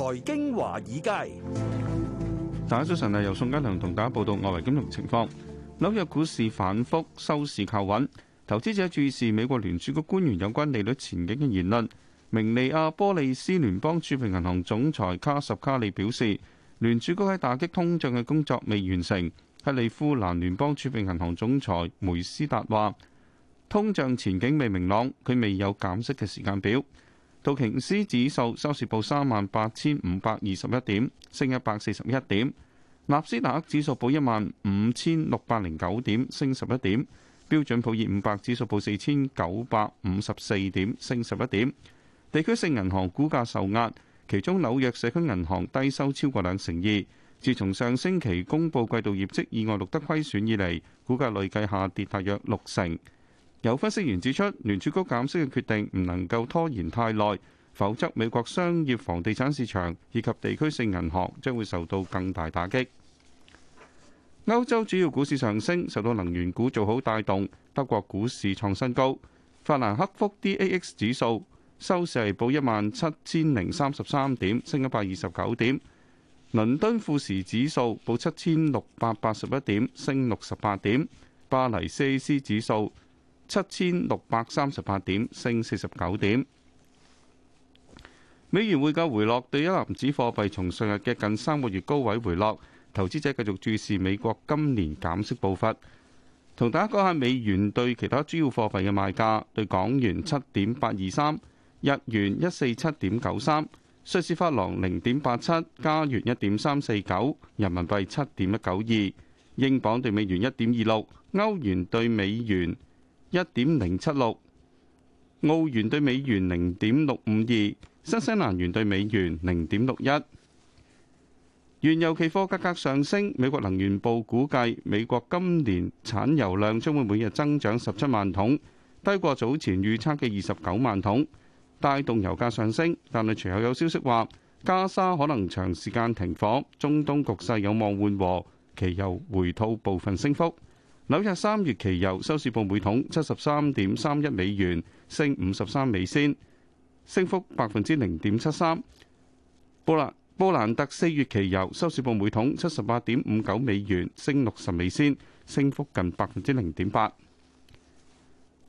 財經華爾街，大家早晨啊！由宋嘉良同大家報道外圍金融情況。紐約股市反覆收市靠穩，投資者注視美國聯儲局官員有關利率前景嘅言論。明尼阿波利斯聯邦儲備銀行總裁卡什卡利表示，聯儲局喺打擊通脹嘅工作未完成。克利夫蘭聯邦儲備銀行總裁梅斯達話，通脹前景未明朗，佢未有減息嘅時間表。道瓊斯指數收市報三萬八千五百二十一點，升一百四十一點；納斯達克指數報一萬五千六百零九點，升十一點；標準普爾五百指數報四千九百五十四點，升十一點。地區性銀行股價受壓，其中紐約社區銀行低收超過兩成二。自從上星期公佈季度業績意外錄得虧損以嚟，股價累計下跌大約六成。有分析員指出，聯儲局減息嘅決定唔能夠拖延太耐，否則美國商業房地產市場以及地區性銀行將會受到更大打擊。歐洲主要股市上升，受到能源股做好帶動，德國股市創新高，法蘭克福 DAX 指數收市係報一萬七千零三十三點，升一百二十九點。倫敦富時指數報七千六百八十一點，升六十八點。巴黎 CAC 指數，七千六百三十八點，升四十九點。美元匯價回落，對一籃子貨幣從上日嘅近三個月高位回落。投資者繼續注視美國今年減息步伐。同大家講下美元對其他主要貨幣嘅賣價：對港元七點八二三，日元一四七點九三，瑞士法郎零點八七，加元一點三四九，人民幣七點一九二，英鎊對美元一點二六，歐元對美元。一點零七六，澳元對美元零點六五二，新西蘭元對美元零點六一。原油期貨價格上升，美國能源部估計美國今年產油量將會每日增長十七萬桶，低過早前預測嘅二十九萬桶，帶動油價上升。但係隨後有消息話加沙可能長時間停火，中東局勢有望緩和，期油回吐部分升幅。紐約三月期油收市報每桶七十三點三一美元，升五十三美仙，升幅百分之零點七三。布蘭布蘭特四月期油收市報每桶七十八點五九美元，升六十美仙，升幅近百分之零點八。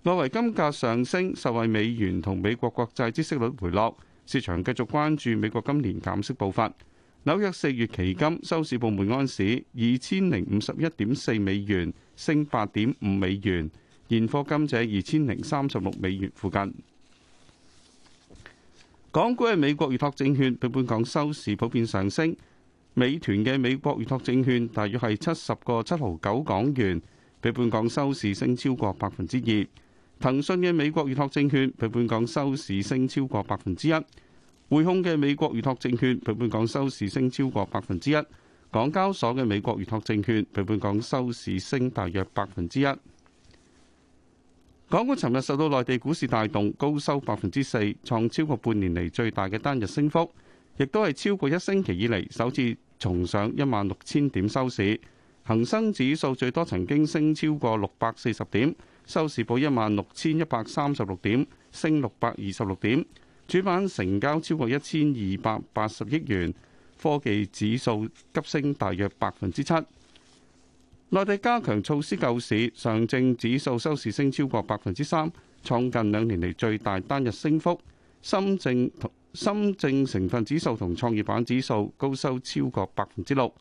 外圍金價上升，受惠美元同美國國債孳息率回落，市場繼續關注美國今年減息步伐。紐約四月期金收市報每安市二千零五十一點四美元，升八點五美元，現貨金者二千零三十六美元附近。港股嘅美國預託證券，比本港收市普遍上升。美團嘅美國預託證券大約係七十個七毫九港元，比本港收市升超過百分之二。騰訊嘅美國預託證券比本港收市升超過百分之一。匯控嘅美國預託證券，比本港收市升超過百分之一；港交所嘅美國預託證券，比本港收市升大約百分之一。港股尋日受到內地股市帶動，高收百分之四，創超過半年嚟最大嘅單日升幅，亦都係超過一星期以嚟首次重上一萬六千點收市。恒生指數最多曾經升超過六百四十點，收市報一萬六千一百三十六點，升六百二十六點。主板成交超過一千二百八十億元，科技指數急升大約百分之七。內地加強措施救市，上證指數收市升超過百分之三，創近兩年嚟，最大單日升幅。深證同深證成分指數同創業板指數高收超過百分之六。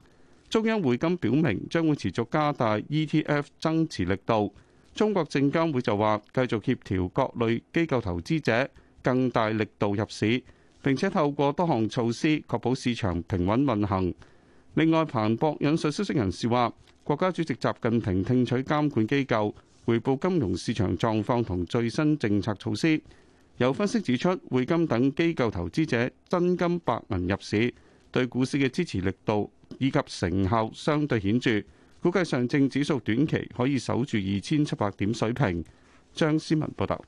中央匯金表明將會持續加大 ETF 增持力度。中國證監會就話繼續協調各類機構投資者，更大力度入市，並且透過多項措施確保市場平穩運行。另外，彭博引述消息人士話，國家主席習近平聽取監管機構彙報金融市場狀況同最新政策措施。有分析指出，匯金等機構投資者真金白銀入市，對股市嘅支持力度以及成效相對顯著。估計上證指數短期可以守住二千七百點水平。張思文報道。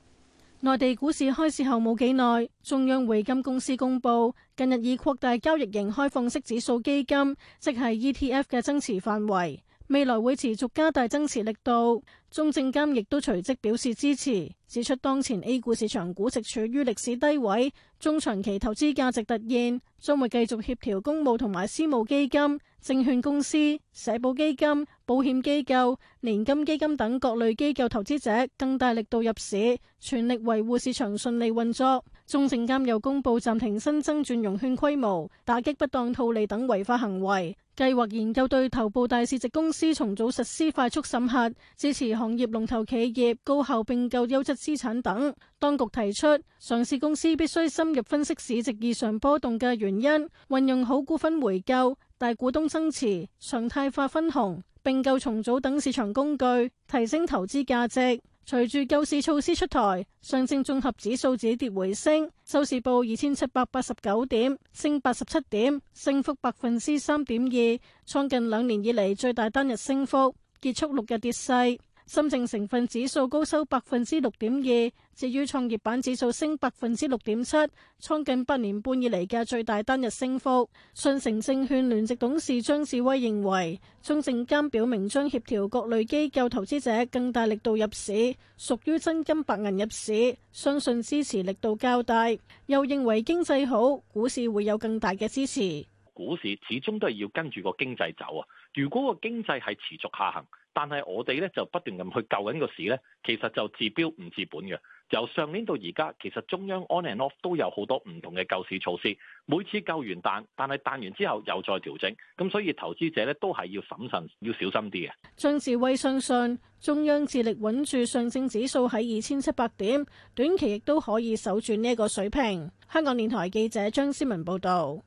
內地股市開市後冇幾耐，中央匯金公司公布，近日已擴大交易型開放式指數基金，即係 ETF 嘅增持範圍，未來會持續加大增持力度。中證監亦都隨即表示支持，指出當前 A 股市場估值處於歷史低位，中長期投資價值突現，將會繼續協調公募同埋私募基金，證券公司、社保基金、保險機構、年金基金等各類機構投資者更大力度入市，全力維護市場順利運作。中證監又公布暫停新增轉融券規模，打擊不當套利等違法行為。計劃研究對頭部大市值公司重組實施快速審核，支持行業龍頭企業高效併購優質資產等。當局提出，上市公司必須深入分析市值異常波動嘅原因，運用好股份回購。大股東增持、常態化分紅、併購重組等市場工具提升投資價值。隨住救市措施出台，上證綜合指數止跌回升，收市報二千七百八十九點，升八十七點，升幅百分之三點二，創近兩年以嚟最大單日升幅，結束六日跌勢。深證成分指數高收百分之六點二，至於創業板指數升百分之六點七，創近八年半以嚟嘅最大單日升幅。信誠證券聯席董事張志威認為，中證監表明將協調各類機構投資者更大力度入市，屬於真金白銀入市，相信支持力度較大。又認為經濟好，股市會有更大嘅支持。股市始終都係要跟住個經濟走啊。如果個經濟係持續下行，但係我哋咧就不斷咁去救緊個市咧，其實就治標唔治本嘅。由上年到而家，其實中央 on and off 都有好多唔同嘅救市措施。每次救完彈，但係彈完之後又再調整，咁所以投資者咧都係要審慎，要小心啲啊。張志威相信，信中央致力穩住上證指數喺二千七百點，短期亦都可以守住呢一個水平。香港電台記者張思文報道。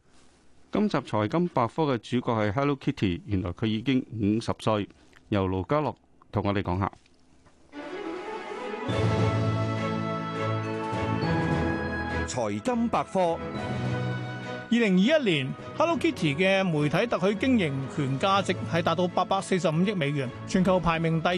今集財金百科嘅主角係 Hello Kitty，原來佢已經五十歲。由盧家樂同我哋講下財金百科。二零二一年，Hello Kitty 嘅媒體特許經營權價值係達到八百四十五億美元，全球排名第二，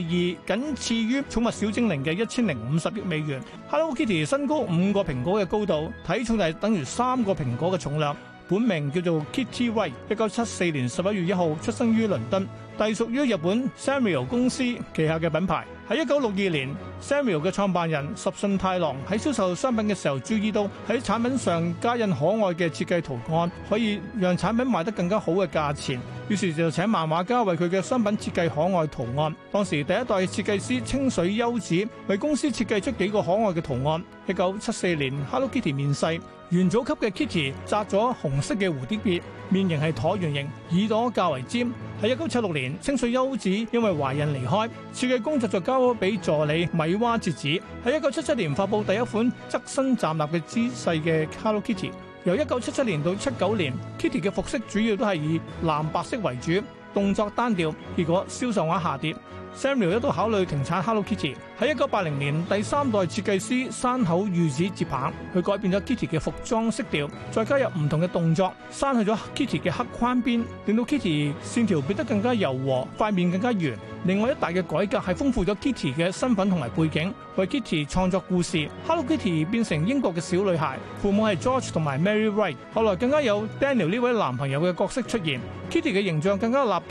僅次於寵物小精靈嘅一千零五十億美元。Hello Kitty 身高五個蘋果嘅高度，體重係等於三個蘋果嘅重量。本名叫做 Kitty White，一九七四年十一月一號出生於倫敦，隸屬於日本 Sanrio 公司旗下嘅品牌。喺一九六二年，Sanrio 嘅創辦人十信太郎喺銷售商品嘅時候注意到喺產品上加印可愛嘅設計圖案，可以讓產品賣得更加好嘅價錢。於是就請漫畫家為佢嘅商品設計可愛圖案。當時第一代設計師清水優子為公司設計出幾個可愛嘅圖案。一九七四年，Hello Kitty 面世。元祖級嘅 Kitty 紮咗紅色嘅蝴蝶結，面型係橢圓形，耳朵較為尖。喺一九七六年，清水優子因為懷孕離開設計工作，就交咗俾助理米窪節子。喺一九七七年發佈第一款側身站立嘅姿勢嘅卡通 Kitty。由一九七七年到七九年，Kitty 嘅服飾主要都係以藍白色為主，動作單調，結果銷售額下跌。Samuel 一度考慮停產 Hello Kitty。喺一九八零年，第三代設計師山口裕子接棒，佢改變咗 Kitty 嘅服裝色調，再加入唔同嘅動作，刪去咗 Kitty 嘅黑框邊，令到 Kitty 線條變得更加柔和，塊面更加圓。另外一大嘅改革係豐富咗 Kitty 嘅身份同埋背景，為 Kitty 創作故事。Hello Kitty 變成英國嘅小女孩，父母係 George 同埋 Mary Wright。後來更加有 Daniel 呢位男朋友嘅角色出現，Kitty 嘅形象更加立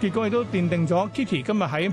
體，結果亦都奠定咗 Kitty 今日喺。